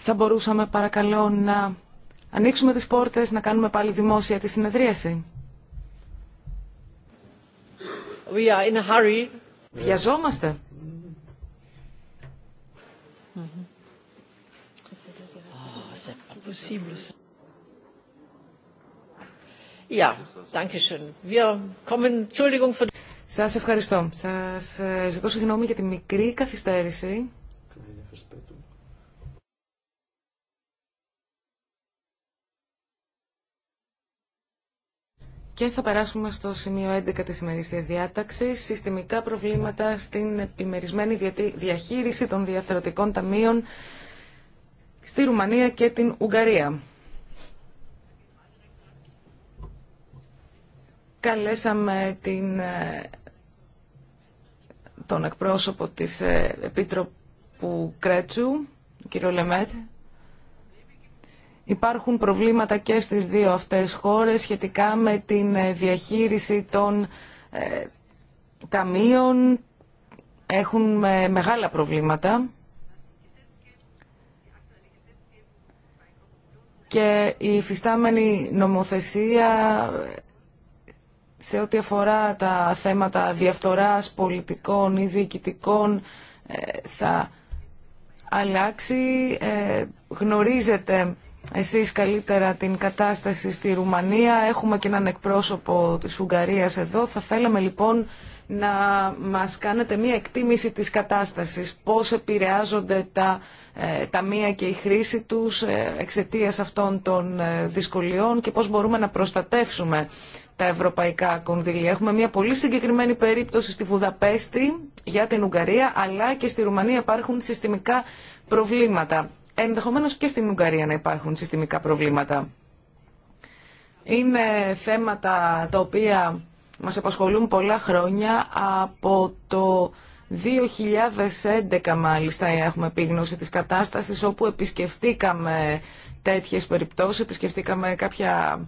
Θα μπορούσαμε παρακαλώ να ανοίξουμε τις πόρτες, να κάνουμε πάλι δημόσια τη συνεδρίαση. We are in a hurry. Βιαζόμαστε. Mm-hmm. Ah, wir kommen. oh, yeah, σας ευχαριστώ. Σας ε, ζητώ συγγνώμη για τη μικρή καθυστέρηση. Και θα περάσουμε στο σημείο 11 της ημερήσιας διάταξης, συστημικά προβλήματα στην επιμερισμένη διαχείριση των διαθερωτικών ταμείων στη Ρουμανία και την Ουγγαρία. Καλέσαμε την ε, τον εκπρόσωπο της ε, Επίτροπου Κρέτσου, κύριο Λεμέτ. Υπάρχουν προβλήματα και στις δύο αυτές χώρες σχετικά με την ε, διαχείριση των ε, ταμείων. Έχουν ε, μεγάλα προβλήματα. Και η φυστάμενη νομοθεσία σε ό,τι αφορά τα θέματα διαφθοράς πολιτικών ή διοικητικών ε, θα αλλάξει. Ε, γνωρίζετε εσείς καλύτερα την κατάσταση στη Ρουμανία. Έχουμε και έναν εκπρόσωπο της Ουγγαρίας εδώ. Θα θέλαμε λοιπόν να μας κάνετε μία εκτίμηση της κατάστασης. Πώς επηρεάζονται τα ε, ταμεία και η χρήση τους εξαιτίας αυτών των δυσκολιών και πώς μπορούμε να προστατεύσουμε τα ευρωπαϊκά κονδύλια. Έχουμε μια πολύ συγκεκριμένη περίπτωση στη Βουδαπέστη για την Ουγγαρία, αλλά και στη Ρουμανία υπάρχουν συστημικά προβλήματα. Ενδεχομένως και στην Ουγγαρία να υπάρχουν συστημικά προβλήματα. Είναι θέματα τα οποία μας απασχολούν πολλά χρόνια. Από το 2011 μάλιστα έχουμε επίγνωση της κατάστασης όπου επισκεφτήκαμε τέτοιες περιπτώσεις, επισκεφτήκαμε κάποια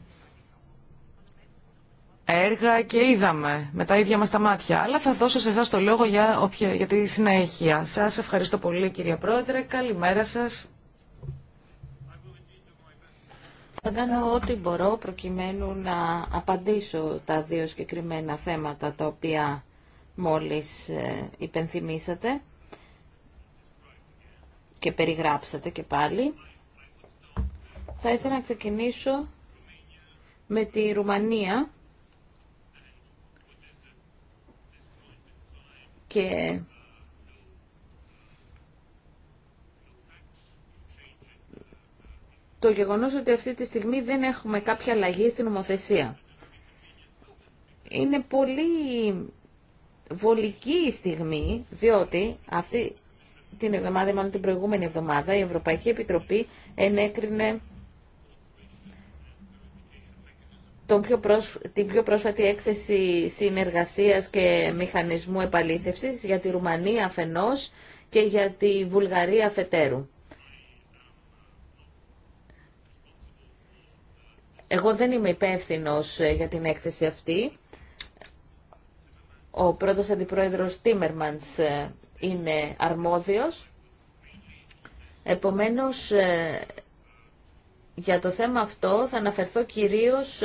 έργα και είδαμε με τα ίδια μας τα μάτια. Αλλά θα δώσω σε εσάς το λόγο για, όποια, για τη συνέχεια. Σας ευχαριστώ πολύ κυρία Πρόεδρε. Καλημέρα σας. Θα κάνω ό,τι μπορώ προκειμένου να απαντήσω τα δύο συγκεκριμένα θέματα τα οποία μόλις ε, υπενθυμίσατε και περιγράψατε και πάλι. Θα ήθελα να ξεκινήσω με τη Ρουμανία και το γεγονός ότι αυτή τη στιγμή δεν έχουμε κάποια αλλαγή στην νομοθεσία. Είναι πολύ βολική η στιγμή, διότι αυτή την εβδομάδα, μάλλον την προηγούμενη εβδομάδα, η Ευρωπαϊκή Επιτροπή ενέκρινε τον πιο προσ... την πιο πρόσφατη έκθεση συνεργασίας και μηχανισμού επαλήθευσης για τη Ρουμανία αφενός και για τη Βουλγαρία αφετέρου. Εγώ δεν είμαι υπεύθυνο ε, για την έκθεση αυτή. Ο πρώτος αντιπρόεδρος Τίμερμανς ε, είναι αρμόδιος. Επομένως, ε, για το θέμα αυτό θα αναφερθώ κυρίως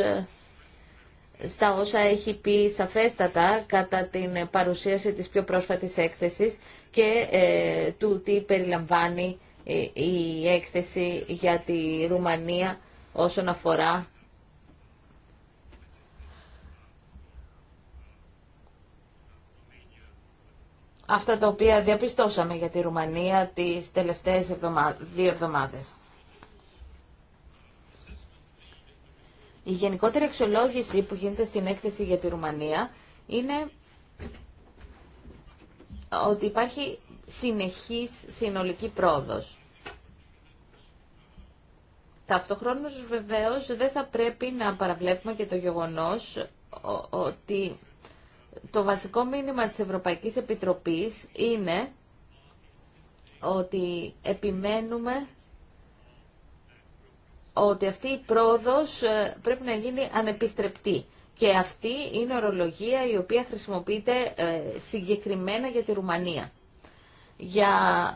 στα όσα έχει πει σαφέστατα κατά την παρουσίαση της πιο πρόσφατης έκθεσης και ε, του τι περιλαμβάνει ε, η έκθεση για τη Ρουμανία όσον αφορά αυτά τα οποία διαπιστώσαμε για τη Ρουμανία τις τελευταίες δύο εβδομάδες. Η γενικότερη αξιολόγηση που γίνεται στην έκθεση για τη Ρουμανία είναι ότι υπάρχει συνεχής συνολική πρόοδος. Ταυτοχρόνως βεβαίως δεν θα πρέπει να παραβλέπουμε και το γεγονός ότι το βασικό μήνυμα της Ευρωπαϊκής Επιτροπής είναι ότι επιμένουμε ότι αυτή η πρόοδος ε, πρέπει να γίνει ανεπιστρεπτή. Και αυτή είναι ορολογία η οποία χρησιμοποιείται ε, συγκεκριμένα για τη Ρουμανία. Για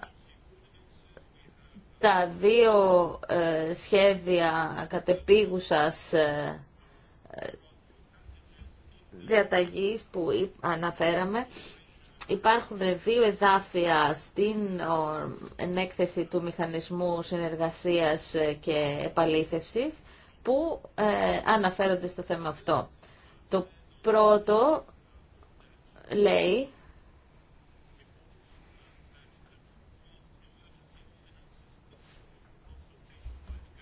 τα δύο ε, σχέδια κατεπίγουσας διαταγής που αναφέραμε, Υπάρχουν δύο εδάφια στην ενέκθεση του Μηχανισμού Συνεργασίας ε, και Επαλήθευσης που ε, αναφέρονται στο θέμα αυτό. Το πρώτο λέει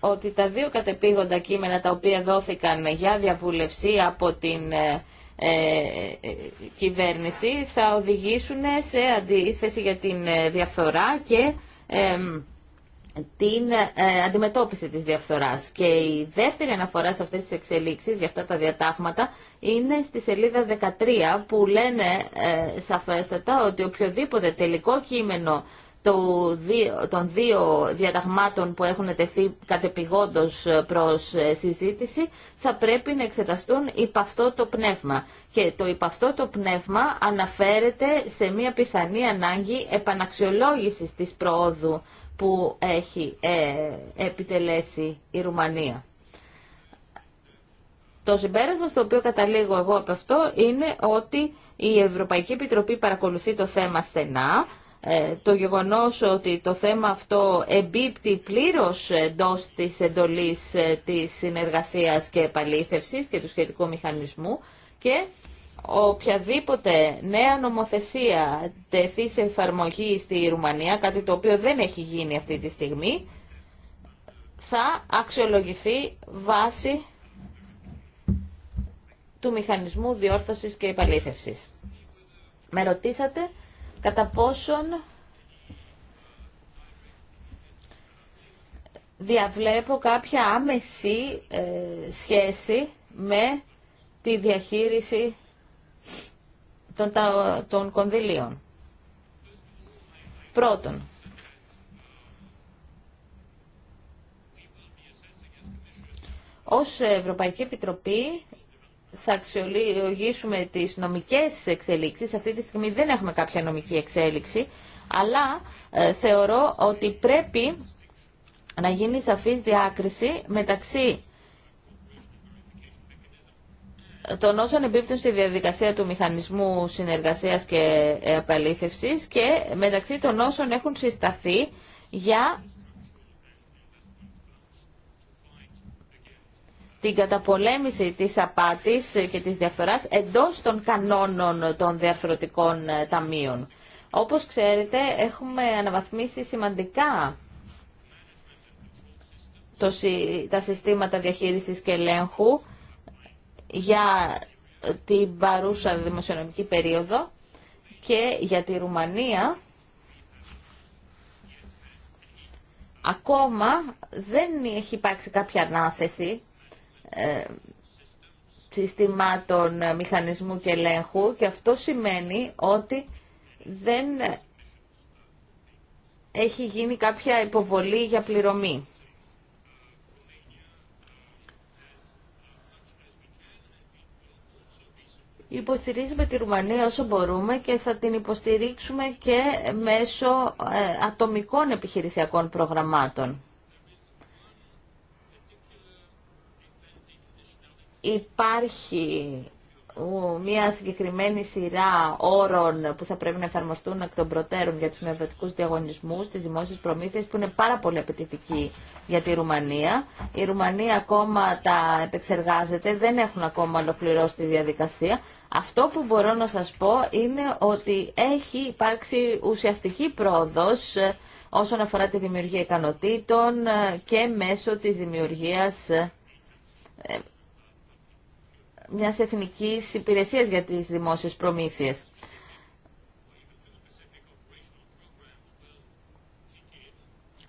ότι τα δύο κατεπήγοντα κείμενα τα οποία δόθηκαν για διαβούλευση από την ε, ε, ε, κυβέρνηση θα οδηγήσουν σε αντίθεση για την ε, διαφθορά και την αντιμετώπιση της διαφθοράς. Και η δεύτερη αναφορά σε αυτές τις εξελίξεις για αυτά τα διατάγματα είναι στη σελίδα 13 που λένε ε, σαφέστατα ότι οποιοδήποτε τελικό κείμενο των δύο διαταγμάτων που έχουν τεθεί κατεπηγόντως ε, προς ε, συζήτηση θα πρέπει να εξεταστούν υπ' αυτό το πνεύμα. Και το υπ' αυτό το πνεύμα αναφέρεται σε μια πιθανή ανάγκη επαναξιολόγησης της προόδου που έχει ε, επιτελέσει η Ρουμανία. Το συμπέρασμα στο οποίο καταλήγω εγώ από αυτό είναι ότι η Ευρωπαϊκή Επιτροπή παρακολουθεί το θέμα στενά ε, το γεγονός ότι το θέμα αυτό εμπίπτει πλήρως εντό της εντολής ε, της συνεργασίας και επαλήθευσης και του σχετικού μηχανισμού και οποιαδήποτε νέα νομοθεσία τεθεί σε εφαρμογή στη Ρουμανία, κάτι το οποίο δεν έχει γίνει αυτή τη στιγμή, θα αξιολογηθεί βάση του μηχανισμού διόρθωσης και επαλήθευσης. Με ρωτήσατε κατά πόσον διαβλέπω κάποια άμεση ε, σχέση με τη διαχείριση των, των κονδυλίων. Πρώτον, ως Ευρωπαϊκή Επιτροπή θα αξιολογήσουμε τις νομικές εξελίξεις. Αυτή τη στιγμή δεν έχουμε κάποια νομική εξέλιξη, αλλά ε, θεωρώ ότι πρέπει να γίνει σαφής διάκριση μεταξύ των όσων εμπίπτουν στη διαδικασία του μηχανισμού συνεργασίας και επαλήθευσης και μεταξύ των όσων έχουν συσταθεί για την καταπολέμηση της απάτης και της διαφθοράς εντός των κανόνων των διαρθρωτικών ε, ταμείων. Όπως ξέρετε, έχουμε αναβαθμίσει σημαντικά τα συστήματα διαχείρισης και ελέγχου για την παρούσα δημοσιονομική περίοδο και για τη Ρουμανία ακόμα δεν έχει υπάρξει κάποια ανάθεση ε, συστημάτων μηχανισμού και ελέγχου και αυτό σημαίνει ότι δεν έχει γίνει κάποια υποβολή για πληρωμή. Υποστηρίζουμε τη Ρουμανία όσο μπορούμε και θα την υποστηρίξουμε και μέσω ε, ατομικών επιχειρησιακών προγραμμάτων. υπάρχει μια συγκεκριμένη σειρά όρων που θα πρέπει να εφαρμοστούν εκ των προτέρων για τους μειοδοτικούς διαγωνισμούς, τις δημόσιες προμήθειες που είναι πάρα πολύ απαιτητικοί για τη Ρουμανία. Η Ρουμανία ακόμα τα επεξεργάζεται, δεν έχουν ακόμα ολοκληρώσει τη διαδικασία. Αυτό που μπορώ να σας πω είναι ότι έχει υπάρξει ουσιαστική πρόοδος ε, όσον αφορά τη δημιουργία ικανοτήτων ε, και μέσω της δημιουργίας ε, μια εθνική υπηρεσία για τις δημόσιες προμήθειες.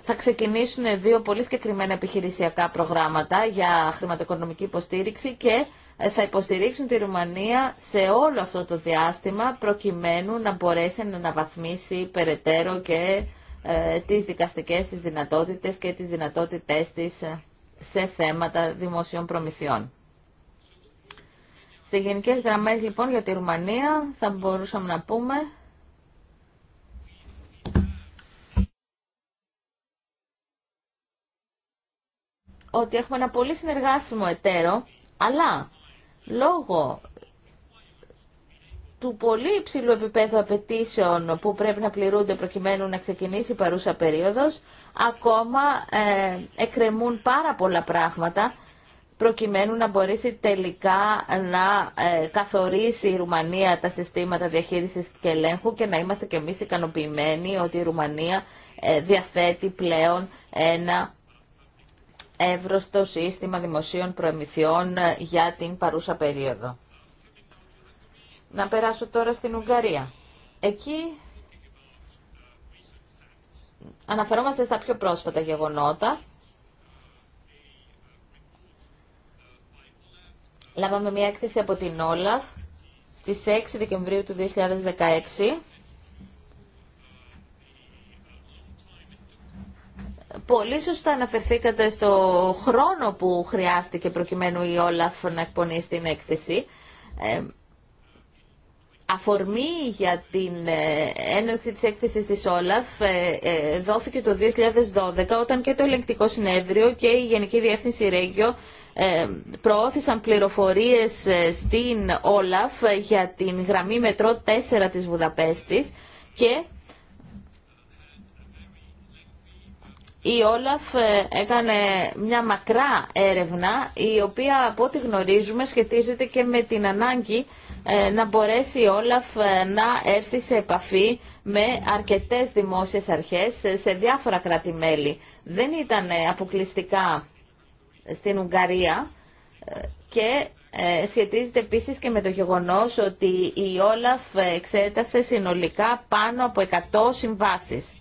Θα ξεκινήσουν δύο πολύ συγκεκριμένα επιχειρησιακά προγράμματα για χρηματοοικονομική υποστήριξη και ε, θα υποστηρίξουν τη Ρουμανία σε όλο αυτό το διάστημα προκειμένου να μπορέσει να αναβαθμίσει περαιτέρω και ε, τις δικαστικές της δυνατότητες και τις δυνατότητές της ε, σε θέματα δημοσίων προμηθειών. Σε γενικέ γραμμέ λοιπόν για τη Ρουμανία θα μπορούσαμε να πούμε ότι έχουμε ένα πολύ συνεργάσιμο εταίρο, αλλά λόγω του πολύ υψηλού επίπεδου απαιτήσεων που πρέπει να πληρούνται προκειμένου να ξεκινήσει η παρούσα περίοδος, ακόμα ε, εκκρεμούν πάρα πολλά πράγματα προκειμένου να μπορέσει τελικά να ε, καθορίσει η Ρουμανία τα συστήματα διαχείρισης και ελέγχου και να είμαστε και εμείς ικανοποιημένοι ότι η Ρουμανία ε, διαθέτει πλέον ένα εύρωστο σύστημα δημοσίων προμηθειών ε, για την παρούσα περίοδο. Να περάσω τώρα στην Ουγγαρία. Εκεί αναφερόμαστε στα πιο πρόσφατα γεγονότα Λάβαμε μια έκθεση από την Όλαφ στις 6 Δεκεμβρίου του 2016. Πολύ σωστά αναφερθήκατε στο χρόνο που χρειάστηκε προκειμένου η Όλαφ να εκπονεί την έκθεση. Ε, Αφορμή για την ε, έναρξη της έκθεσης της Όλαφ ε, ε, δόθηκε το 2012 όταν και το Ελεγκτικό Συνέδριο και η Γενική Διεύθυνση Ρέγγιο προώθησαν πληροφορίες στην Όλαφ για την γραμμή μετρό 4 της Βουδαπέστης και Η Όλαφ ε, έκανε μια μακρά έρευνα η οποία από ό,τι γνωρίζουμε σχετίζεται και με την ανάγκη ε, να μπορέσει η Όλαφ ε, να έρθει σε επαφή με αρκετές δημόσιες αρχές σε διάφορα κράτη-μέλη. Δεν ήταν αποκλειστικά στην Ουγγαρία και σχετίζεται επίσης και με το γεγονός ότι η Όλαφ εξέτασε συνολικά πάνω από 100 συμβάσεις.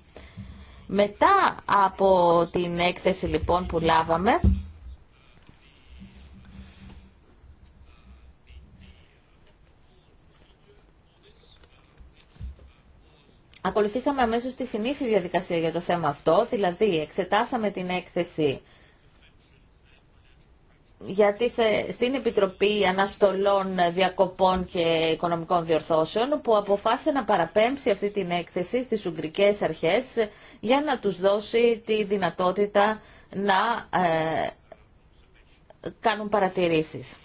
Μετά από την έκθεση λοιπόν που λάβαμε, Ακολουθήσαμε αμέσως τη συνήθεια διαδικασία για το θέμα αυτό, δηλαδή εξετάσαμε την έκθεση γιατί σε, στην Επιτροπή Αναστολών Διακοπών και Οικονομικών Διορθώσεων που αποφάσισε να παραπέμψει αυτή την έκθεση στις Ουγγρικές Αρχές για να τους δώσει τη δυνατότητα να ε, κάνουν παρατηρήσεις.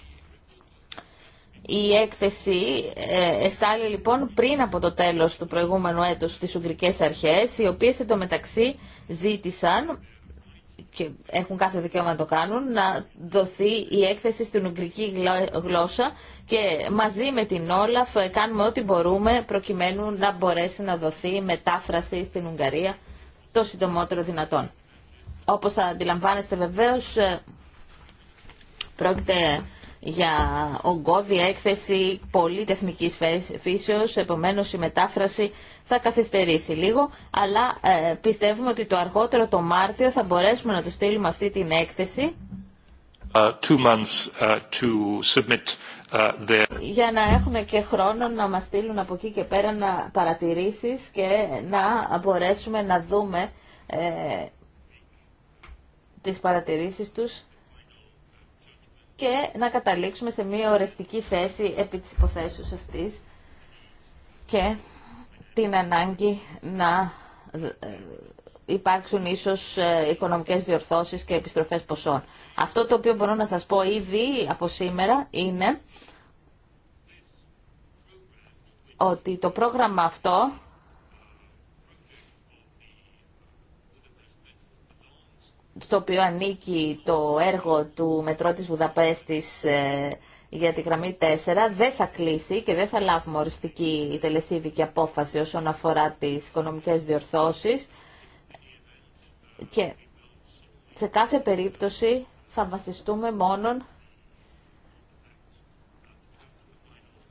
Η έκθεση ε, εστάλει λοιπόν πριν από το τέλος του προηγούμενου έτους στις Ουγγρικές Αρχές, οι οποίες εντωμεταξύ ζήτησαν και έχουν κάθε δικαίωμα να το κάνουν, να δοθεί η έκθεση στην ουγγρική γλώσσα και μαζί με την Όλαφ ε, κάνουμε ό,τι μπορούμε προκειμένου να μπορέσει να δοθεί μετάφραση στην Ουγγαρία το συντομότερο δυνατόν. Όπως αντιλαμβάνεστε βεβαίως, ε, πρόκειται για ογκώδη έκθεση πολύ τεχνικής φύσεως, επομένως η μετάφραση θα καθυστερήσει λίγο, αλλά ε, πιστεύουμε ότι το αργότερο το Μάρτιο θα μπορέσουμε να του στείλουμε αυτή την έκθεση uh, uh, uh, για να έχουν και χρόνο να μας στείλουν από εκεί και πέρα να παρατηρήσεις και να μπορέσουμε να δούμε ε, τις παρατηρήσεις τους και να καταλήξουμε σε μια ορεστική θέση επί της υποθέσεως αυτής και την ανάγκη να ε, υπάρξουν ίσως ε, οικονομικές διορθώσεις και επιστροφές ποσών. Αυτό το οποίο μπορώ να σας πω ήδη από σήμερα είναι ότι το πρόγραμμα αυτό στο οποίο ανήκει το έργο του Μετρό της Βουδαπέστης ε, για τη γραμμή 4 δεν θα κλείσει και δεν θα λάβουμε οριστική η τελεσίδικη απόφαση όσον αφορά τις οικονομικές διορθώσεις και σε κάθε περίπτωση θα βασιστούμε μόνον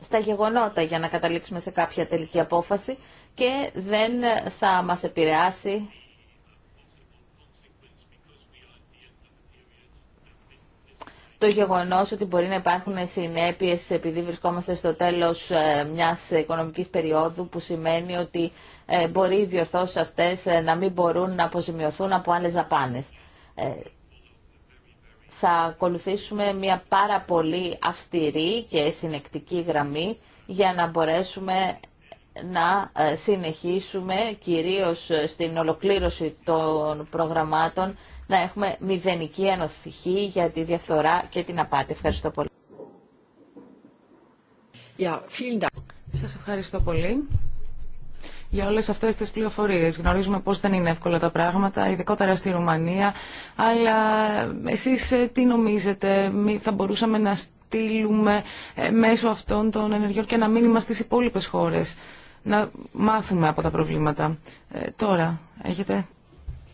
στα γεγονότα για να καταλήξουμε σε κάποια τελική απόφαση και δεν θα μας επηρεάσει το γεγονός ότι μπορεί να υπάρχουν συνέπειες επειδή βρισκόμαστε στο τέλος ε, μιας οικονομικής περίοδου που σημαίνει ότι ε, μπορεί οι διορθώσεις αυτές ε, να μην μπορούν να αποζημιωθούν από άλλες δαπάνες. Θα ακολουθήσουμε μια πάρα πολύ αυστηρή και συνεκτική γραμμή για να μπορέσουμε να συνεχίσουμε κυρίως στην ολοκλήρωση των προγραμμάτων να έχουμε μηδενική ανοσυχή για τη διαφθορά και την απάτη. Ευχαριστώ πολύ. Σα Σας ευχαριστώ πολύ για όλες αυτές τις πληροφορίες. Γνωρίζουμε πώς δεν είναι εύκολα τα πράγματα, ειδικότερα στη Ρουμανία, αλλά εσείς ε, τι νομίζετε, θα μπορούσαμε να στείλουμε ε, μέσω αυτών των ενεργειών και ένα μήνυμα στις υπόλοιπες χώρες, να μάθουμε από τα προβλήματα. Ε, τώρα, έχετε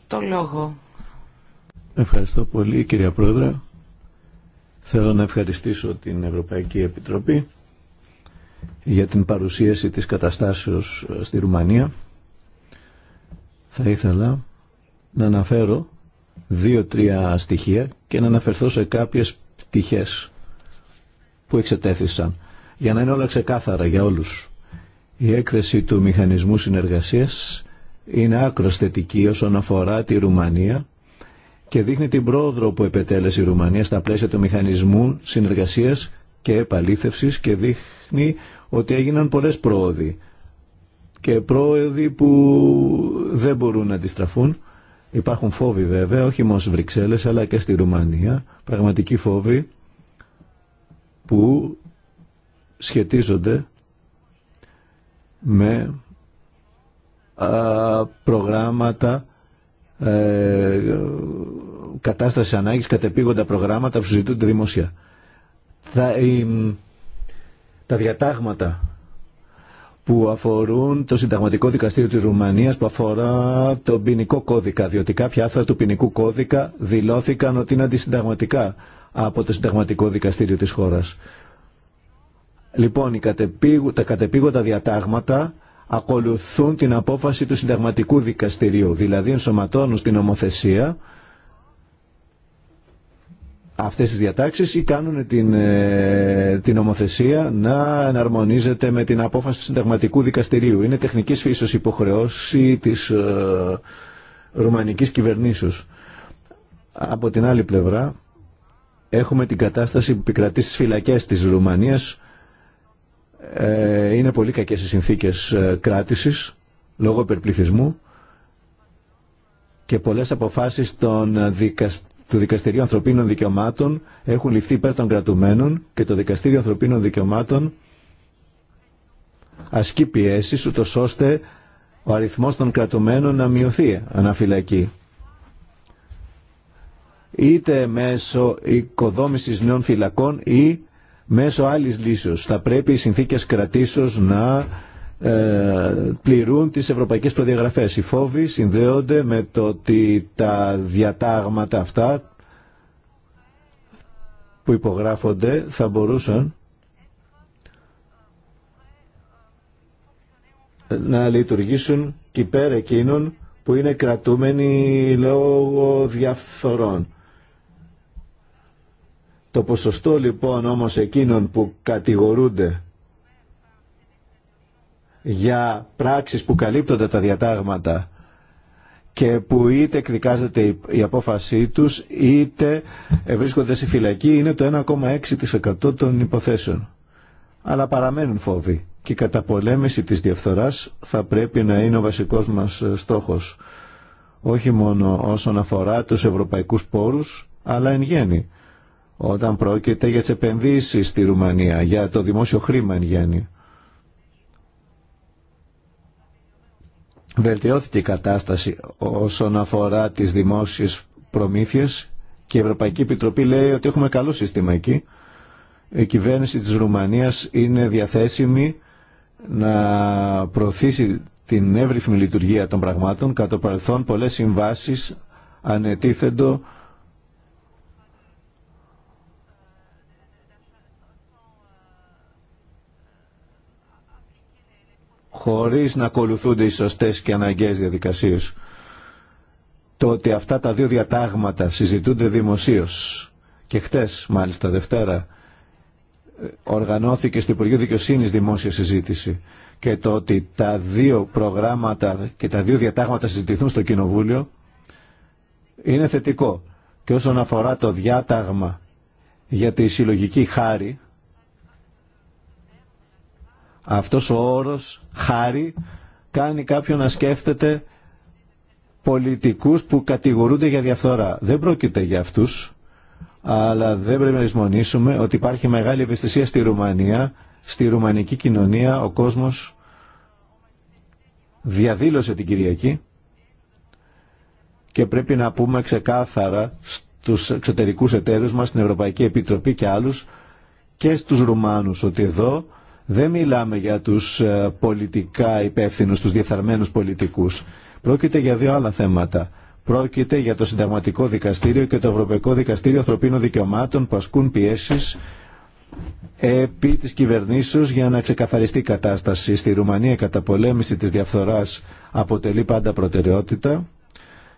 το λόγο. Ευχαριστώ πολύ κυρία Πρόεδρε. Θέλω να ευχαριστήσω την Ευρωπαϊκή Επιτροπή για την παρουσίαση της καταστάσεως ε, στη Ρουμανία. Θα ήθελα να αναφέρω δύο-τρία στοιχεία και να αναφερθώ σε κάποιες πτυχές που εξετέθησαν για να είναι όλα ξεκάθαρα για όλους. Η έκθεση του Μηχανισμού Συνεργασίας είναι άκρος θετική όσον αφορά τη Ρουμανία και δείχνει την πρόοδο που επετέλεσε η Ρουμανία στα πλαίσια του μηχανισμού συνεργασία και επαλήθευση και δείχνει ότι έγιναν πολλέ πρόοδοι και πρόοδοι που δεν μπορούν να αντιστραφούν. Υπάρχουν φόβοι βέβαια, όχι μόνο στι Βρυξέλλες αλλά και στη Ρουμανία, πραγματικοί φόβοι που σχετίζονται με προγράμματα ε, κατάσταση ανάγκης κατεπήγοντα προγράμματα που συζητούνται δημοσία. Τα, τα διατάγματα που αφορούν το συνταγματικό δικαστήριο της Ρουμανίας που αφορά τον ποινικό κώδικα, διότι κάποια άθρα του ποινικού κώδικα δηλώθηκαν ότι είναι αντισυνταγματικά από το συνταγματικό δικαστήριο της χώρας. Λοιπόν, τα κατεπήγοντα διατάγματα ακολουθούν την απόφαση του συνταγματικού δικαστηρίου, δηλαδή ενσωματώνουν στην ομοθεσία, αυτές τις διατάξεις ή κάνουν την, ε, την ομοθεσία να εναρμονίζεται με την απόφαση του συνταγματικού δικαστηρίου. Είναι τεχνικής φύσεως υποχρεώση της ε, ρουμανικής κυβερνήσεως. Από την άλλη πλευρά έχουμε την κατάσταση που επικρατεί στις φυλακές της Ρουμανίας ε, είναι πολύ κακές οι συνθήκες ε, κράτησης λόγω υπερπληθισμού και πολλές αποφάσεις των ε, του Δικαστηρίου Ανθρωπίνων Δικαιωμάτων έχουν ληφθεί υπέρ των κρατουμένων και το Δικαστήριο Ανθρωπίνων Δικαιωμάτων ασκεί πιέσεις ούτως ώστε ο αριθμός των κρατουμένων να μειωθεί αναφυλακή είτε μέσω οικοδόμησης νέων φυλακών ή μέσω άλλης λύσεως. Θα πρέπει οι συνθήκες κρατήσεως να ε, πληρούν τις ευρωπαϊκές προδιαγραφές. Οι φόβοι συνδέονται με το ότι τα διατάγματα αυτά που υπογράφονται θα μπορούσαν να λειτουργήσουν και υπέρ εκείνων που είναι κρατούμενοι λόγω διαφθορών. Το ποσοστό λοιπόν όμως εκείνων που κατηγορούνται για πράξεις που καλύπτονται τα διατάγματα και που είτε εκδικάζεται η απόφασή τους είτε βρίσκονται στη φυλακή είναι το 1,6% των υποθέσεων. Αλλά παραμένουν φόβοι και η καταπολέμηση της διαφθοράς θα πρέπει να είναι ο βασικός μας ε, στόχος. Όχι μόνο όσον αφορά τους ευρωπαϊκούς πόρους αλλά εν γέννη όταν πρόκειται για τις επενδύσεις στη Ρουμανία, για το δημόσιο χρήμα εν γέννη. Βελτιώθηκε η κατάσταση όσον αφορά τις δημόσιες προμήθειες και η Ευρωπαϊκή Επιτροπή λέει ότι έχουμε καλό σύστημα εκεί. Η κυβέρνηση της Ρουμανίας είναι διαθέσιμη να προωθήσει την εύρυθμη λειτουργία των πραγμάτων. Κατά το παρελθόν πολλές συμβάσεις ανετίθεντο χωρίς να ακολουθούνται οι σωστές και αναγκαίες διαδικασίες. Το ότι αυτά τα δύο διατάγματα συζητούνται δημοσίως και χτες μάλιστα Δευτέρα οργανώθηκε στο Υπουργείο Δικαιοσύνη δημόσια συζήτηση και το ότι τα δύο προγράμματα και τα δύο διατάγματα συζητηθούν στο Κοινοβούλιο είναι θετικό. Και όσον αφορά το διάταγμα για τη συλλογική χάρη, αυτός ο όρος χάρη κάνει κάποιον να σκέφτεται πολιτικούς που κατηγορούνται για διαφθορά. Δεν πρόκειται για αυτούς, αλλά δεν πρέπει να λησμονήσουμε ότι υπάρχει μεγάλη ευαισθησία στη Ρουμανία, στη ρουμανική κοινωνία ο κόσμος διαδήλωσε την Κυριακή και πρέπει να πούμε ξεκάθαρα στους εξωτερικούς εταίρους μας, στην Ευρωπαϊκή Επιτροπή και άλλους και στους Ρουμάνους ότι εδώ δεν μιλάμε για τους ε, πολιτικά υπεύθυνους, τους διεφθαρμένους πολιτικούς. Πρόκειται για δύο άλλα θέματα. Πρόκειται για το Συνταγματικό Δικαστήριο και το Ευρωπαϊκό Δικαστήριο Ανθρωπίνων Δικαιωμάτων που ασκούν πιέσεις επί της κυβερνήσεως για να ξεκαθαριστεί η κατάσταση. Στη Ρουμανία η καταπολέμηση της διαφθοράς αποτελεί πάντα προτεραιότητα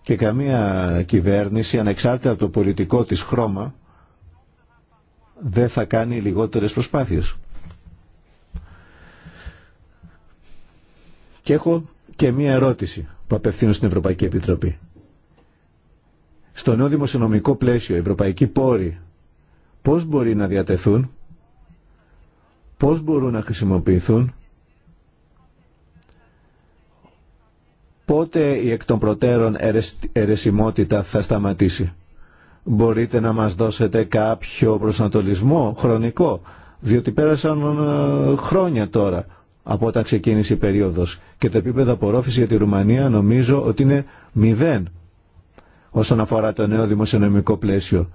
και καμία κυβέρνηση ανεξάρτητα από το πολιτικό της χρώμα δεν θα κάνει λιγότερες προσπάθειες. Και έχω και μία ερώτηση που απευθύνω στην Ευρωπαϊκή Επιτροπή. Στο νέο δημοσιονομικό πλαίσιο, οι ευρωπαϊκοί πόροι πώς μπορεί να διατεθούν, πώς μπορούν να χρησιμοποιηθούν, πότε η εκ των προτέρων αιρεσιμότητα θα σταματήσει. Μπορείτε να μας δώσετε κάποιο προσανατολισμό χρονικό, διότι πέρασαν ε, χρόνια τώρα από όταν ξεκίνησε η περίοδος και το επίπεδο απορρόφηση για τη Ρουμανία νομίζω ότι είναι μηδέν όσον αφορά το νέο δημοσιονομικό πλαίσιο.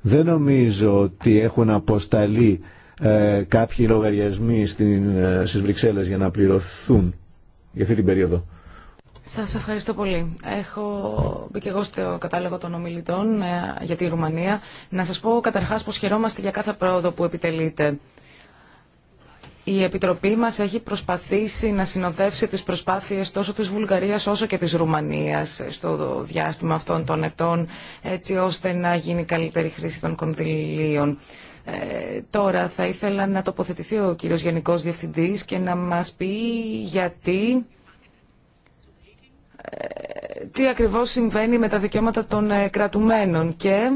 Δεν νομίζω ότι έχουν αποσταλεί ε, κάποιοι λογαριασμοί στην, ε, στις Βρυξέλλες για να πληρωθούν για αυτή την περίοδο. Σας ευχαριστώ πολύ. Έχω μπει και εγώ στο κατάλογο των ομιλητών ε, για τη Ρουμανία. Να σας πω καταρχάς πως χαιρόμαστε για κάθε πρόοδο που επιτελείται η Επιτροπή μας έχει προσπαθήσει να συνοδεύσει τις προσπάθειες τόσο της Βουλγαρίας όσο και της Ρουμανίας στο διάστημα αυτών των ετών έτσι ώστε να γίνει καλύτερη χρήση των κονδυλίων. Ε, τώρα θα ήθελα να τοποθετηθεί ο κύριος Γενικός Διευθυντής και να μας πει γιατί ε, τι ακριβώς συμβαίνει με τα δικαιώματα των ε, κρατουμένων και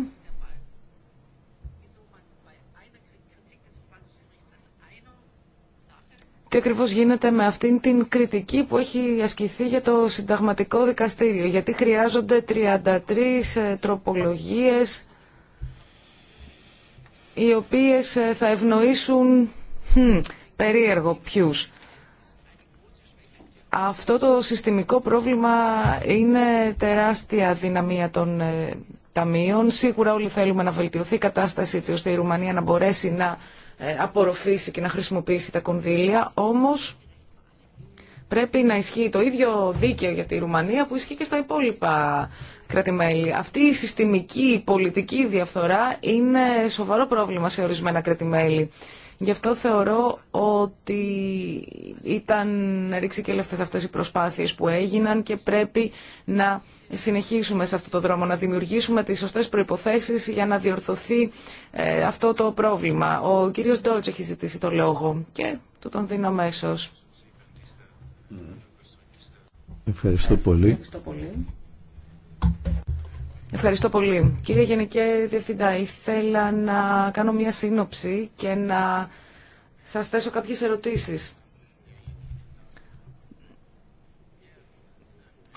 τι ακριβώ γίνεται με αυτήν την κριτική που έχει ασκηθεί για το συνταγματικό δικαστήριο. Γιατί χρειάζονται 33 ε, τροπολογίες οι οποίες ε, θα ευνοήσουν περίεργο ποιου. Αυτό το συστημικό πρόβλημα είναι τεράστια δυναμία των ε, ταμείων. Σίγουρα όλοι θέλουμε να βελτιωθεί η κατάσταση έτσι ώστε η Ρουμανία να μπορέσει να ε, απορροφήσει και να χρησιμοποιήσει τα κονδύλια, όμως πρέπει να ισχύει το ίδιο δίκαιο για τη Ρουμανία που ισχύει και στα υπόλοιπα κρατημέλη. Αυτή η συστημική πολιτική διαφθορά είναι σοβαρό πρόβλημα σε ορισμένα κρατημέλη. Γι' αυτό θεωρώ ότι ήταν και λεφτές αυτές οι προσπάθειες που έγιναν και πρέπει να συνεχίσουμε σε αυτό το δρόμο, να δημιουργήσουμε τις σωστές προϋποθέσεις για να διορθωθεί ε, αυτό το πρόβλημα. Ο κύριος Ντόλτς έχει ζητήσει το λόγο και του τον δίνω αμέσως. Ευχαριστώ πολύ. Ευχαριστώ πολύ. Κύριε Γενικέ Διευθυντά, ήθελα να κάνω μια σύνοψη και να σας θέσω κάποιες ερωτήσεις.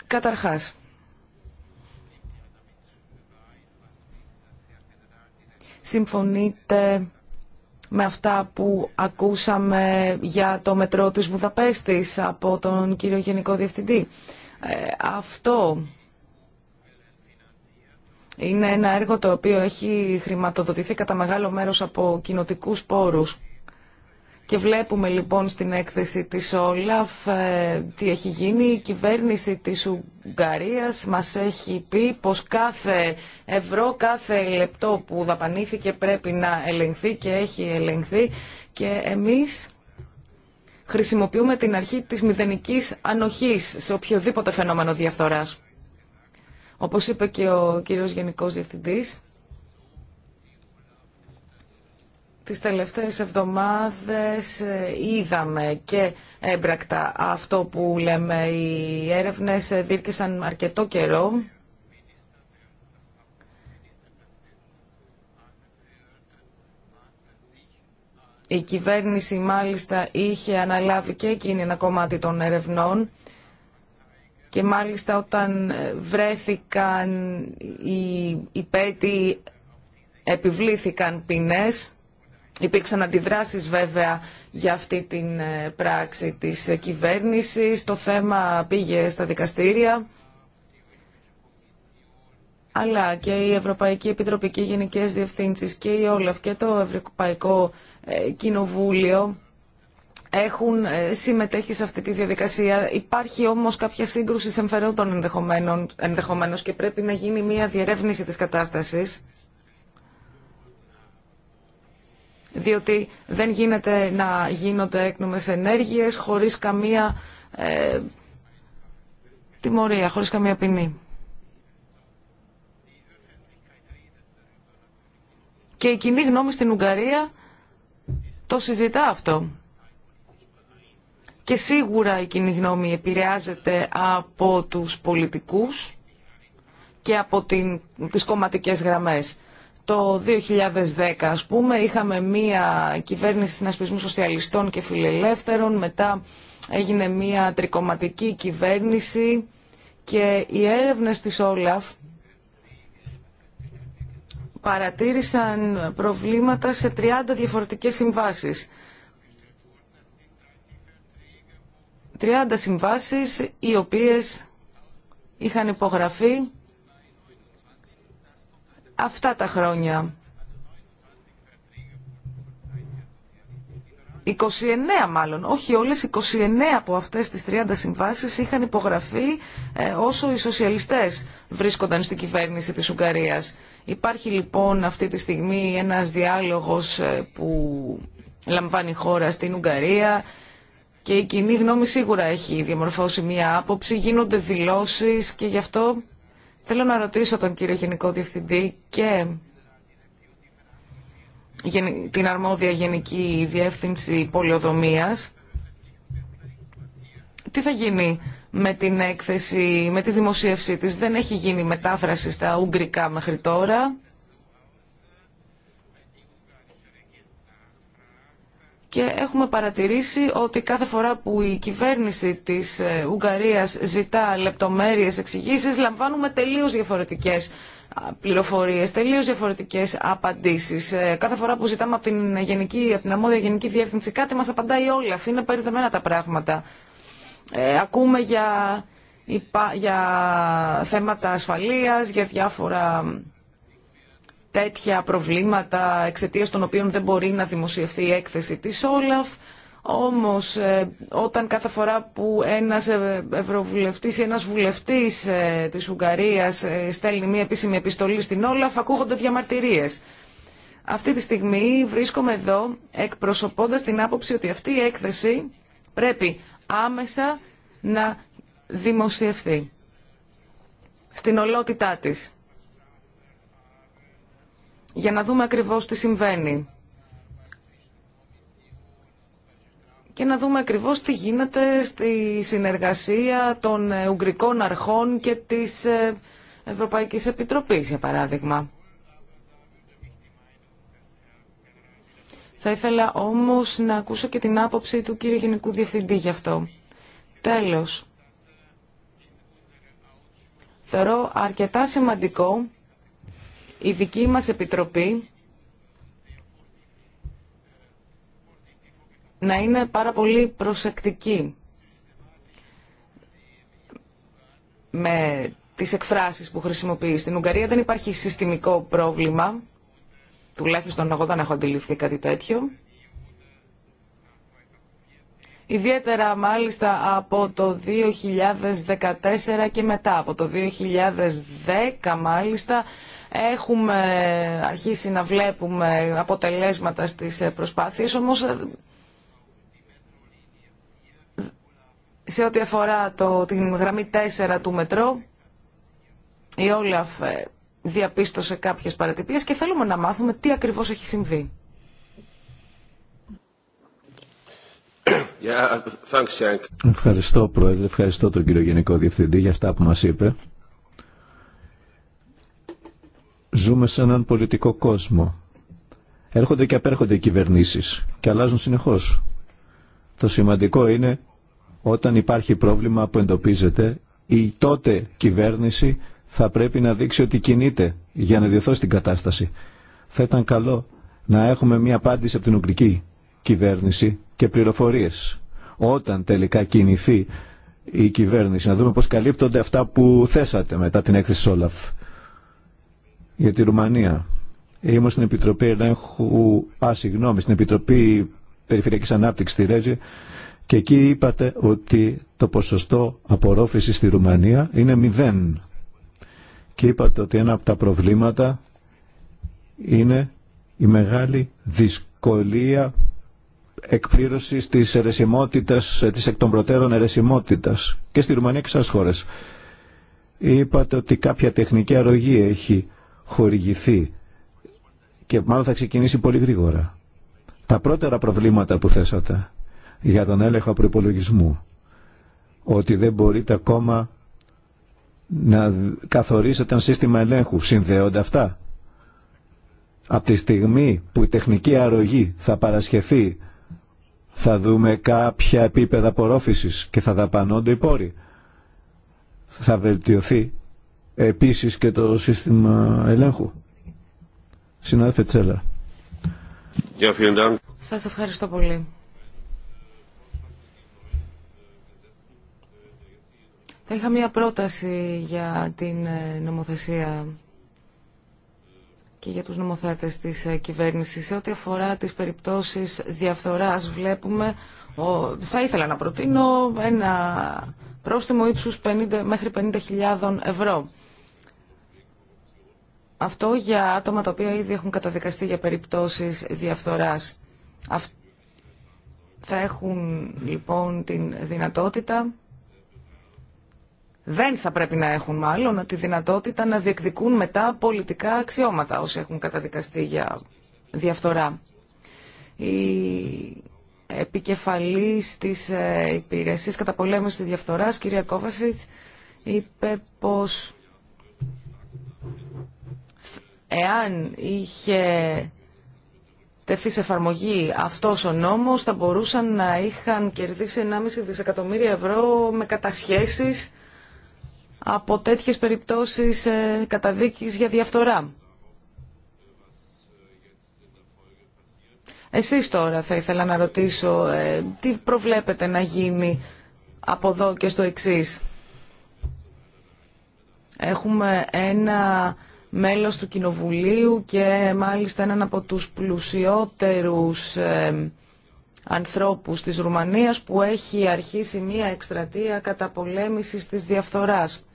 Καταρχάς, συμφωνείτε με αυτά που ακούσαμε για το μετρό της Βουδαπέστης από τον κύριο Γενικό Διευθυντή. Ε, αυτό είναι ένα έργο το οποίο έχει χρηματοδοτηθεί κατά μεγάλο μέρος από κοινοτικούς πόρους. Και βλέπουμε λοιπόν στην έκθεση της Όλαφ ε, τι έχει γίνει. Η κυβέρνηση της Ουγγαρίας μας έχει πει πως κάθε ευρώ, κάθε λεπτό που δαπανήθηκε πρέπει να ελεγχθεί και έχει ελεγχθεί και εμείς χρησιμοποιούμε την αρχή της μηδενικής ανοχής σε οποιοδήποτε φαινόμενο διαφθοράς. Όπως είπε και ο κύριος Γενικός Διευθυντής, τις τελευταίες εβδομάδες ε, είδαμε και έμπρακτα αυτό που λέμε. Οι έρευνες ε, δίρκησαν αρκετό καιρό. Η κυβέρνηση μάλιστα είχε αναλάβει και εκείνη ένα κομμάτι των ερευνών και μάλιστα όταν ε, βρέθηκαν οι πέτοι επιβλήθηκαν ποινές. Υπήρξαν αντιδράσεις βέβαια για αυτή την ε, πράξη της ε, κυβέρνησης. Το θέμα πήγε στα δικαστήρια. Αλλά και η Ευρωπαϊκή Επιτροπή και οι Γενικές Διευθύνσεις και η Όλαφ και το Ευρωπαϊκό Κοινοβούλιο έχουν ε, συμμετέχει σε αυτή τη διαδικασία. Υπάρχει όμως κάποια σύγκρουση συμφερόντων ενδεχομένως και πρέπει να γίνει μια διερεύνηση της κατάστασης. διότι δεν γίνεται να γίνονται έκνομες ενέργειες χωρίς καμία ε, τιμωρία, χωρίς καμία ποινή. Και η κοινή γνώμη στην Ουγγαρία το συζητά αυτό και σίγουρα η κοινή γνώμη επηρεάζεται από τους πολιτικούς και από την, τις κομματικές γραμμές. Το 2010, ας πούμε, είχαμε μία κυβέρνηση συνασπισμού σοσιαλιστών και φιλελεύθερων, μετά έγινε μία τρικομματική κυβέρνηση και οι έρευνες της Όλαφ παρατήρησαν προβλήματα σε 30 διαφορετικές συμβάσεις. 30 συμβάσεις οι οποίες είχαν υπογραφεί αυτά τα χρόνια. 29 μάλλον, όχι όλες, 29 από αυτές τις 30 συμβάσεις είχαν υπογραφεί ε, όσο οι σοσιαλιστές βρίσκονταν στην κυβέρνηση της Ουγγαρίας. Υπάρχει λοιπόν αυτή τη στιγμή ένας διάλογος ε, που λαμβάνει η χώρα στην Ουγγαρία και η κοινή γνώμη σίγουρα έχει διαμορφώσει μία άποψη, γίνονται δηλώσεις και γι' αυτό θέλω να ρωτήσω τον κύριο Γενικό Διευθυντή και την αρμόδια Γενική Διεύθυνση Πολιοδομίας τι θα γίνει με την έκθεση, με τη δημοσίευση της. Δεν έχει γίνει μετάφραση στα ουγγρικά μέχρι τώρα. και έχουμε παρατηρήσει ότι κάθε φορά που η κυβέρνηση της ε, Ουγγαρίας ζητά λεπτομέρειες εξηγήσεις, λαμβάνουμε τελείως διαφορετικές πληροφορίες, τελείως διαφορετικές απαντήσεις. Ε, κάθε φορά που ζητάμε από την, γενική, από την αμμόδια γενική διεύθυνση κάτι μας απαντάει όλα. Είναι περιδεμένα τα πράγματα. Ε, ακούμε για, για θέματα ασφαλείας, για διάφορα τέτοια προβλήματα εξαιτίας των οποίων δεν μπορεί να δημοσιευθεί η έκθεση της Όλαφ. Όμως ε, όταν κάθε φορά που ένας ε, ευρωβουλευτής ή ένας βουλευτής ε, της Ουγγαρίας στέλνει μια επίσημη επιστολή στην Όλαφ ακούγονται διαμαρτυρίες. Αυτή τη στιγμή βρίσκομαι εδώ εκπροσωπώντας την άποψη ότι αυτή η έκθεση πρέπει άμεσα να δημοσιευθεί στην ολότητά της για να δούμε ακριβώς τι συμβαίνει. Και να δούμε ακριβώς τι γίνεται στη συνεργασία των ε, Ουγγρικών Αρχών και της ε, Ευρωπαϊκής Επιτροπής, για παράδειγμα. Θα ήθελα όμως να ακούσω και την άποψη του κύριου Γενικού Διευθυντή γι' αυτό. Τέλος, θεωρώ αρκετά σημαντικό η δική μας Επιτροπή να είναι πάρα πολύ προσεκτική με τις εκφράσεις που χρησιμοποιεί. Στην Ουγγαρία δεν υπάρχει συστημικό πρόβλημα, τουλάχιστον εγώ δεν έχω αντιληφθεί κάτι τέτοιο. Ιδιαίτερα μάλιστα από το 2014 και μετά, από το 2010 μάλιστα, Έχουμε αρχίσει να βλέπουμε αποτελέσματα στις προσπάθειες, όμως ε, σε ό,τι αφορά το, την γραμμή 4 του μετρό, η Όλαφ ε, διαπίστωσε κάποιες παρατυπίες και θέλουμε να μάθουμε τι ακριβώς έχει συμβεί. Ευχαριστώ Πρόεδρε, ευχαριστώ τον κύριο Γενικό Διευθυντή για αυτά που μας είπε. Ζούμε σε έναν πολιτικό κόσμο. Έρχονται και απέρχονται οι κυβερνήσεις και αλλάζουν συνεχώς. Το σημαντικό είναι όταν υπάρχει πρόβλημα που εντοπίζεται η τότε κυβέρνηση θα πρέπει να δείξει ότι κινείται για να διορθώσει την κατάσταση. Θα ήταν καλό να έχουμε μια απάντηση από την Ουγγρική κυβέρνηση και πληροφορίες όταν τελικά κινηθεί η κυβέρνηση. Να δούμε πώς καλύπτονται αυτά που θέσατε μετά την έκθεση Σόλαφ για τη Ρουμανία. Ήμουν στην Επιτροπή Ελέγχου, α, συγγνώμη, στην Επιτροπή Περιφερειακής Ανάπτυξης στη Ρέζη και εκεί είπατε ότι το ποσοστό απορρόφησης στη Ρουμανία είναι μηδέν. Και είπατε ότι ένα από τα προβλήματα είναι η μεγάλη δυσκολία εκπλήρωσης της ερεσιμότητας, της εκ των προτέρων ερεσιμότητας και στη Ρουμανία και στις χώρες. Είπατε ότι κάποια τεχνική αρρωγή έχει χορηγηθεί και μάλλον θα ξεκινήσει πολύ γρήγορα. Τα πρώτερα προβλήματα που θέσατε για τον έλεγχο προπολογισμού, ότι δεν μπορείτε ακόμα να καθορίσετε ένα σύστημα ελέγχου, συνδέονται αυτά. Από τη στιγμή που η τεχνική αρρωγή θα παρασχεθεί, θα δούμε κάποια επίπεδα απορρόφησης και θα δαπανώνται οι πόροι. Θα βελτιωθεί επίσης και το σύστημα ελέγχου. Συνάδελφε Τσέλα. Σας ευχαριστώ πολύ. Θα είχα μία πρόταση για την ε, νομοθεσία και για τους νομοθέτες της ε, κυβέρνησης. Σε ό,τι αφορά τις περιπτώσεις διαφθοράς βλέπουμε, θα ήθελα να προτείνω ένα πρόστιμο ύψους 50, μέχρι 50.000 ευρώ. Αυτό για άτομα τα οποία ήδη έχουν καταδικαστεί για περιπτώσεις διαφθοράς. Θα έχουν λοιπόν την δυνατότητα, δεν θα πρέπει να έχουν μάλλον, τη δυνατότητα να διεκδικούν μετά πολιτικά αξιώματα όσοι έχουν καταδικαστεί για διαφθορά. Η επικεφαλής της ε, υπηρεσίας καταπολέμησης της διαφθοράς, κυρία Κόβασιτ, είπε πως Εάν είχε τεθεί σε εφαρμογή αυτός ο νόμος θα μπορούσαν να είχαν κερδίσει 1,5 δισεκατομμύρια ευρώ με κατασχέσεις από τέτοιες περιπτώσεις ε, καταδίκης για διαφθορά. Εσείς τώρα θα ήθελα να ρωτήσω ε, τι προβλέπετε να γίνει από εδώ και στο εξής. Έχουμε ένα μέλος του Κοινοβουλίου και μάλιστα έναν από τους πλουσιότερους ε, ανθρώπους της Ρουμανίας που έχει αρχίσει μία εκστρατεία πολέμησης της διαφθοράς.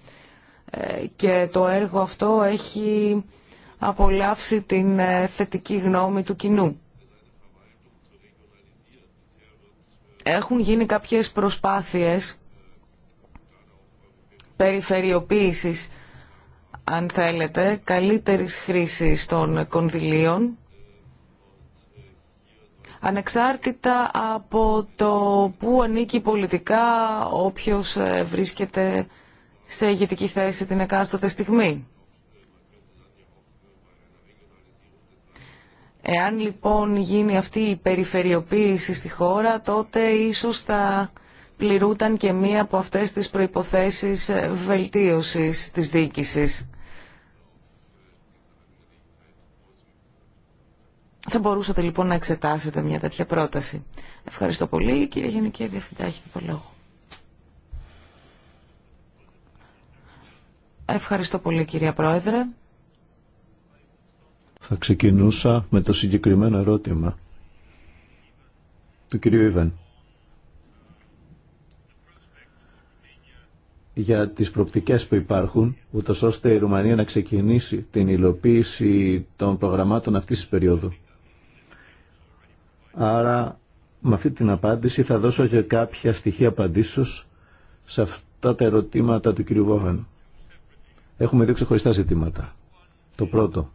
Ε, και το έργο αυτό έχει απολαύσει την ε, θετική γνώμη του κοινού. Έχουν γίνει κάποιες προσπάθειες περιφερειοποίησης αν θέλετε, καλύτερης χρήσης των κονδυλίων, ανεξάρτητα από το που ανήκει πολιτικά όποιος ε, βρίσκεται σε ηγετική θέση την εκάστοτε στιγμή. Εάν λοιπόν γίνει αυτή η περιφερειοποίηση στη χώρα, τότε ίσως θα πληρούταν και μία από αυτές τις προϋποθέσεις ε, βελτίωσης της διοίκησης. Θα μπορούσατε λοιπόν να εξετάσετε μια τέτοια πρόταση. Ευχαριστώ πολύ. Κύριε Γενική Διευθυντά, έχετε το λόγο. Ευχαριστώ πολύ κυρία Πρόεδρε. Θα ξεκινούσα με το συγκεκριμένο ερώτημα του κυρίου Ιβεν για τις προπτικές που υπάρχουν, ούτως ώστε η Ρουμανία να ξεκινήσει την υλοποίηση των προγραμμάτων αυτής της περίοδου. Άρα με αυτή την απάντηση θα δώσω και κάποια στοιχεία απαντήσεως σε αυτά τα ερωτήματα του κ. Βόβεν. Έχουμε δύο ξεχωριστά ζητήματα. Το πρώτο,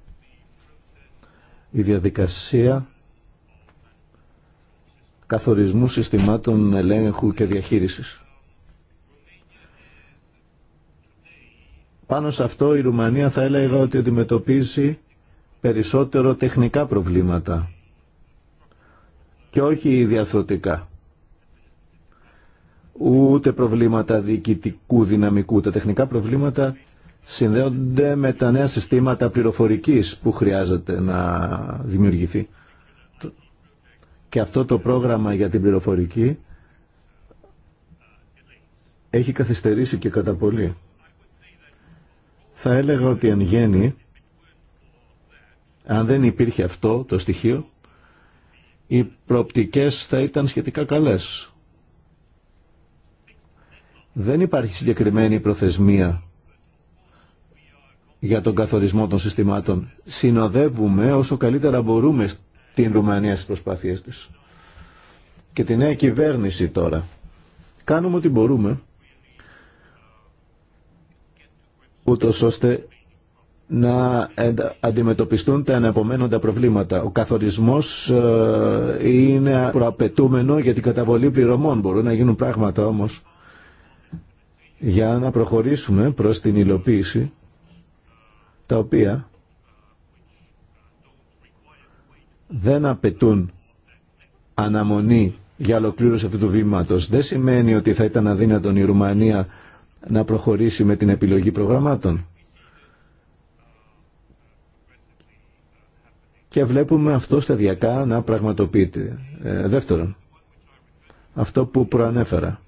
η διαδικασία καθορισμού συστημάτων ελέγχου και διαχείρισης. Πάνω σε αυτό η Ρουμανία θα έλεγα ότι αντιμετωπίζει περισσότερο τεχνικά προβλήματα και όχι διαρθρωτικά. Ούτε προβλήματα διοικητικού δυναμικού. Τα τεχνικά προβλήματα συνδέονται με τα νέα συστήματα πληροφορικής που χρειάζεται να δημιουργηθεί. Και αυτό το πρόγραμμα για την πληροφορική έχει καθυστερήσει και κατά πολύ. Θα έλεγα ότι εν γέννη, αν δεν υπήρχε αυτό το στοιχείο, οι προοπτικές θα ήταν σχετικά καλές. Δεν υπάρχει συγκεκριμένη προθεσμία για τον καθορισμό των συστημάτων. Συνοδεύουμε όσο καλύτερα μπορούμε την Ρουμανία στις προσπάθειές της. Και τη νέα κυβέρνηση τώρα. Κάνουμε ό,τι μπορούμε ούτως ώστε να αντιμετωπιστούν τα αναπομένοντα προβλήματα. Ο καθορισμός ε, είναι προαπαιτούμενο για την καταβολή πληρωμών. Μπορούν να γίνουν πράγματα όμως για να προχωρήσουμε προς την υλοποίηση τα οποία δεν απαιτούν αναμονή για ολοκλήρωση αυτού του βήματος. Δεν σημαίνει ότι θα ήταν αδύνατον η Ρουμανία να προχωρήσει με την επιλογή προγραμμάτων. και βλέπουμε αυτό σταδιακά να πραγματοποιείται. Ε, δεύτερον, αυτό που προανέφερα.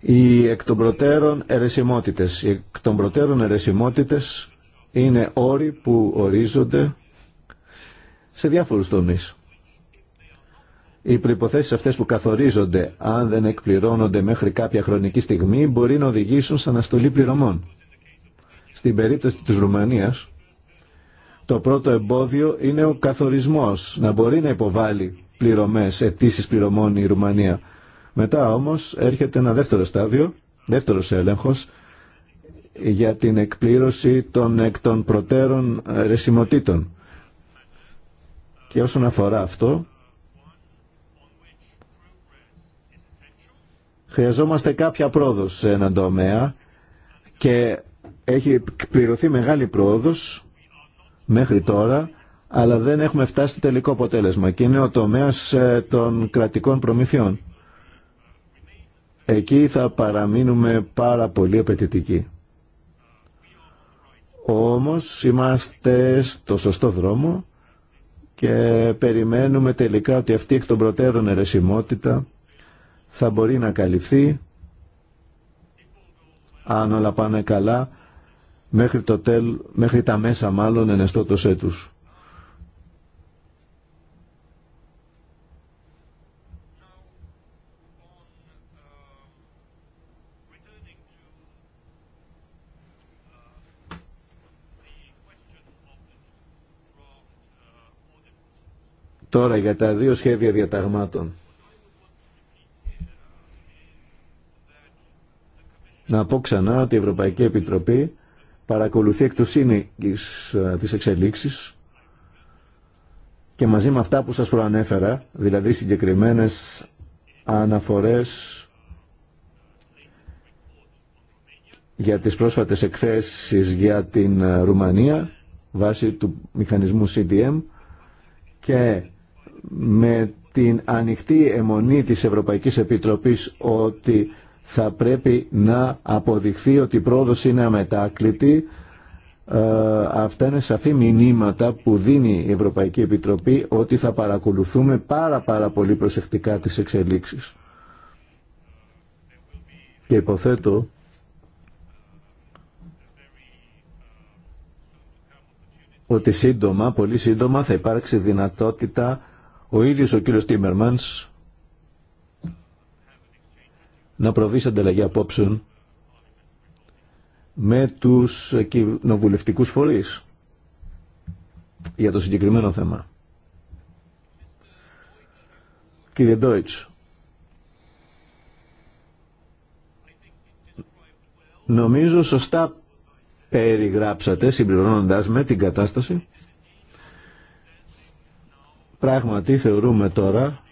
Οι εκ των προτέρων αιρεσιμότητες. Οι εκ των προτέρων αιρεσιμότητες είναι όροι που ορίζονται σε διάφορους τομείς. Οι προποθέσει αυτέ που καθορίζονται, αν δεν εκπληρώνονται μέχρι κάποια χρονική στιγμή, μπορεί να οδηγήσουν σε αναστολή πληρωμών. Στην περίπτωση τη Ρουμανία, το πρώτο εμπόδιο είναι ο καθορισμό, να μπορεί να υποβάλει πληρωμέ, αιτήσει πληρωμών η Ρουμανία. Μετά όμω έρχεται ένα δεύτερο στάδιο, δεύτερο έλεγχο, για την εκπλήρωση των εκ των προτέρων ρεσιμοτήτων. Και όσον αφορά αυτό, Χρειαζόμαστε κάποια πρόοδο σε έναν τομέα και έχει πληρωθεί μεγάλη πρόοδος μέχρι τώρα, αλλά δεν έχουμε φτάσει στο τελικό αποτέλεσμα και είναι ο τομέας ε, των κρατικών προμηθειών. Εκεί θα παραμείνουμε πάρα πολύ απαιτητικοί. Όμως είμαστε στο σωστό δρόμο και περιμένουμε τελικά ότι αυτή εκ των προτέρων αιρεσιμότητα θα μπορεί να καλυφθεί αν όλα πάνε καλά μέχρι, το τέλ, μέχρι τα μέσα μάλλον ενεστώτος έτους. Τώρα για τα δύο σχέδια διαταγμάτων. Να πω ξανά ότι η Ευρωπαϊκή Επιτροπή παρακολουθεί εκ του ε, τις εξελίξεις και μαζί με αυτά που σας προανέφερα, δηλαδή συγκεκριμένες αναφορές για τις πρόσφατες εκθέσεις για την ε, Ρουμανία βάσει του μηχανισμού CDM και με την ανοιχτή αιμονή της Ευρωπαϊκής Επιτροπής ότι θα πρέπει να αποδειχθεί ότι η πρόοδος είναι αμετάκλητη. Ε, αυτά είναι σαφή μηνύματα που δίνει η Ευρωπαϊκή Επιτροπή ότι θα παρακολουθούμε πάρα πάρα πολύ προσεκτικά τις εξελίξεις. Και υποθέτω ότι σύντομα, πολύ σύντομα θα υπάρξει δυνατότητα ο ίδιος ο κύριος Τίμερμανς να προβεί σε ανταλλαγή απόψεων με τους κοινοβουλευτικούς φορείς για το συγκεκριμένο θέμα. Κύριε Ντόιτς, νομίζω σωστά περιγράψατε συμπληρώνοντας με την κατάσταση. Πράγματι θεωρούμε τώρα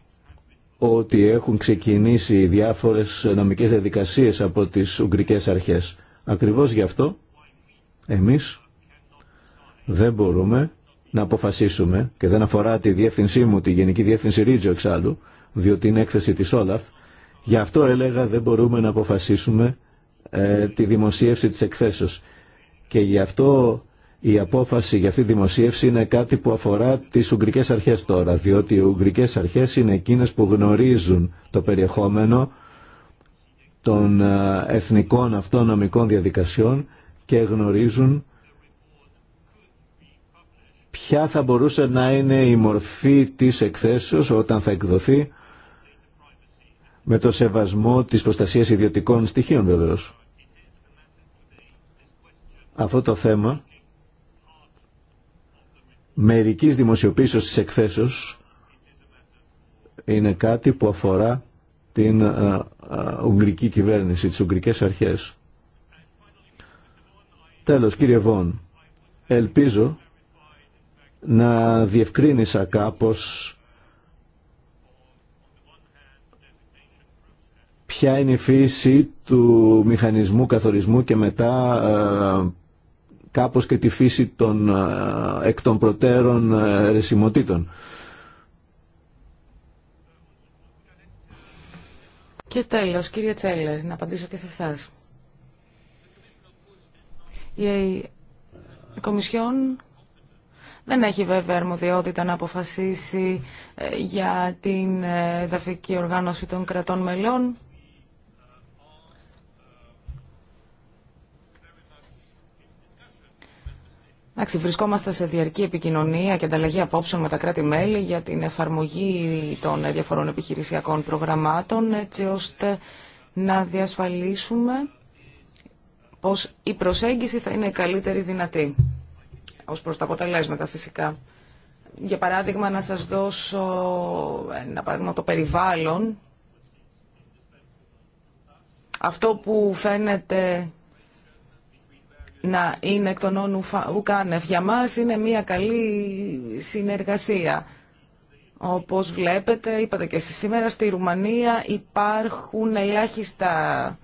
ότι έχουν ξεκινήσει διάφορες νομικές διαδικασίες από τις Ουγγρικές αρχές. Ακριβώς γι' αυτό εμείς δεν μπορούμε να αποφασίσουμε και δεν αφορά τη διεύθυνσή μου, τη Γενική Διεύθυνση Ρίτζο εξάλλου, διότι είναι έκθεση της Όλαφ, γι' αυτό έλεγα δεν μπορούμε να αποφασίσουμε ε, τη δημοσίευση της εκθέσεως. Και γι' αυτό η απόφαση για αυτή τη δημοσίευση είναι κάτι που αφορά τις Ουγγρικές Αρχές τώρα, διότι οι Ουγγρικές Αρχές είναι εκείνες που γνωρίζουν το περιεχόμενο των ε, εθνικών αυτονομικών διαδικασιών και γνωρίζουν ποια θα μπορούσε να είναι η μορφή της εκθέσεως όταν θα εκδοθεί με το σεβασμό της προστασίας ιδιωτικών στοιχείων βεβαίω. Αυτό το θέμα μερικής δημοσιοποίησης της εκθέσεως είναι κάτι που αφορά την α, ε, ε, ουγγρική κυβέρνηση, τις ουγγρικές αρχές. Τέλος, κύριε Βόν, ελπίζω να διευκρίνησα κάπως ποια είναι η φύση του μηχανισμού καθορισμού και μετά ε, κάπως και τη φύση των εκ των προτέρων ρεσιμοτήτων. Και τέλος, κύριε Τσέλερ, να απαντήσω και σε εσά. Η Κομισιόν δεν έχει βέβαια αρμοδιότητα να αποφασίσει ε, για την ε, δαφική οργάνωση των κρατών μελών. Εντάξει, βρισκόμαστε σε διαρκή επικοινωνία και ανταλλαγή απόψεων με τα κράτη-μέλη για την εφαρμογή των διαφορών επιχειρησιακών προγραμμάτων, έτσι ώστε να διασφαλίσουμε πως η προσέγγιση θα είναι η καλύτερη δυνατή, ως προς τα αποτελέσματα φυσικά. Για παράδειγμα, να σας δώσω ένα παράδειγμα το περιβάλλον. Αυτό που φαίνεται να είναι εκ των όνου ουκάνευ. Για μας είναι μια καλή συνεργασία. Όπως βλέπετε, είπατε και εσείς σήμερα, στη Ρουμανία υπάρχουν ελάχιστα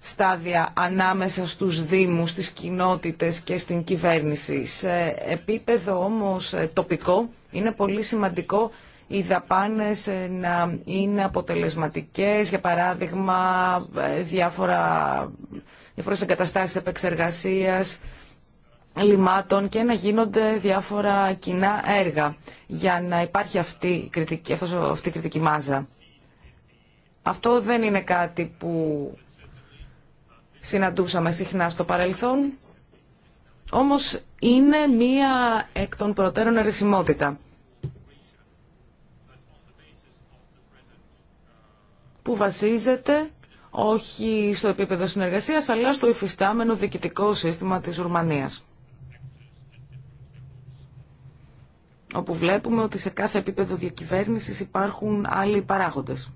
στάδια ανάμεσα στους δήμους, στις κοινότητες και στην κυβέρνηση. Σε επίπεδο όμως ε, τοπικό είναι πολύ σημαντικό οι δαπάνες ε, να είναι αποτελεσματικές, για παράδειγμα ε, διάφορα διάφορες εγκαταστάσεις επεξεργασίας, λιμάτων και να γίνονται διάφορα κοινά έργα για να υπάρχει αυτή η κριτική, αυτή η κριτική μάζα. Αυτό δεν είναι κάτι που συναντούσαμε συχνά στο παρελθόν, όμως είναι μία εκ των προτέρων αρισιμότητα. που βασίζεται όχι στο επίπεδο συνεργασίας, αλλά στο υφιστάμενο διοικητικό σύστημα της Ρουμανίας. όπου βλέπουμε ότι σε κάθε επίπεδο διακυβέρνησης υπάρχουν άλλοι παράγοντες.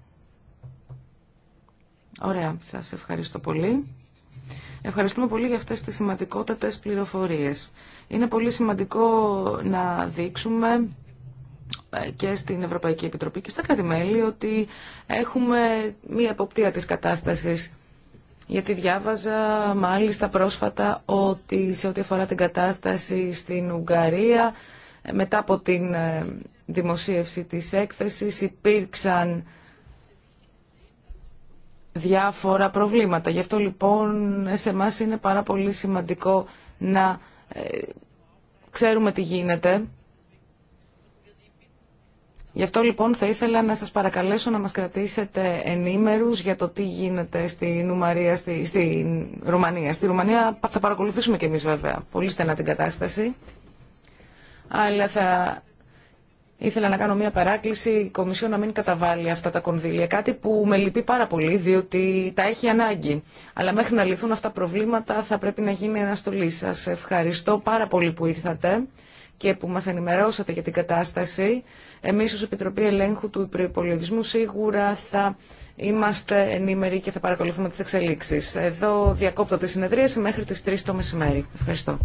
Ωραία, σας ευχαριστώ πολύ. Ευχαριστούμε πολύ για αυτές τις σημαντικότατες πληροφορίες. Είναι πολύ σημαντικό να δείξουμε ε, και στην Ευρωπαϊκή Επιτροπή και στα κρατη ότι έχουμε μία εποπτεία της κατάστασης. Γιατί διάβαζα μάλιστα πρόσφατα ότι σε ό,τι αφορά την κατάσταση στην Ουγγαρία, ε, μετά από την ε, δημοσίευση της έκθεσης υπήρξαν διάφορα προβλήματα. Γι' αυτό λοιπόν σε εμά είναι πάρα πολύ σημαντικό να ξέρουμε τι γίνεται Γι' αυτό λοιπόν θα ήθελα να σας παρακαλέσω να μας κρατήσετε ενήμερους για το τι γίνεται στην, Ουμαρία, στη, στην Ρουμανία. Στη Ρουμανία θα παρακολουθήσουμε και εμείς βέβαια πολύ στενά την κατάσταση. Αλλά θα ήθελα να κάνω μια παράκληση η Κομισιό να μην καταβάλει αυτά τα κονδύλια. Κάτι που με λυπεί πάρα πολύ διότι τα έχει ανάγκη. Αλλά μέχρι να λυθούν αυτά τα προβλήματα θα πρέπει να γίνει αναστολή. Σας ευχαριστώ πάρα πολύ που ήρθατε και που μας ενημερώσατε για την κατάσταση. Εμείς ως Επιτροπή Ελέγχου του προπολογισμού, σίγουρα θα είμαστε ενήμεροι και θα παρακολουθούμε τις εξελίξεις. Εδώ διακόπτω τη συνεδρίαση μέχρι τις 3 το μεσημέρι. Ευχαριστώ.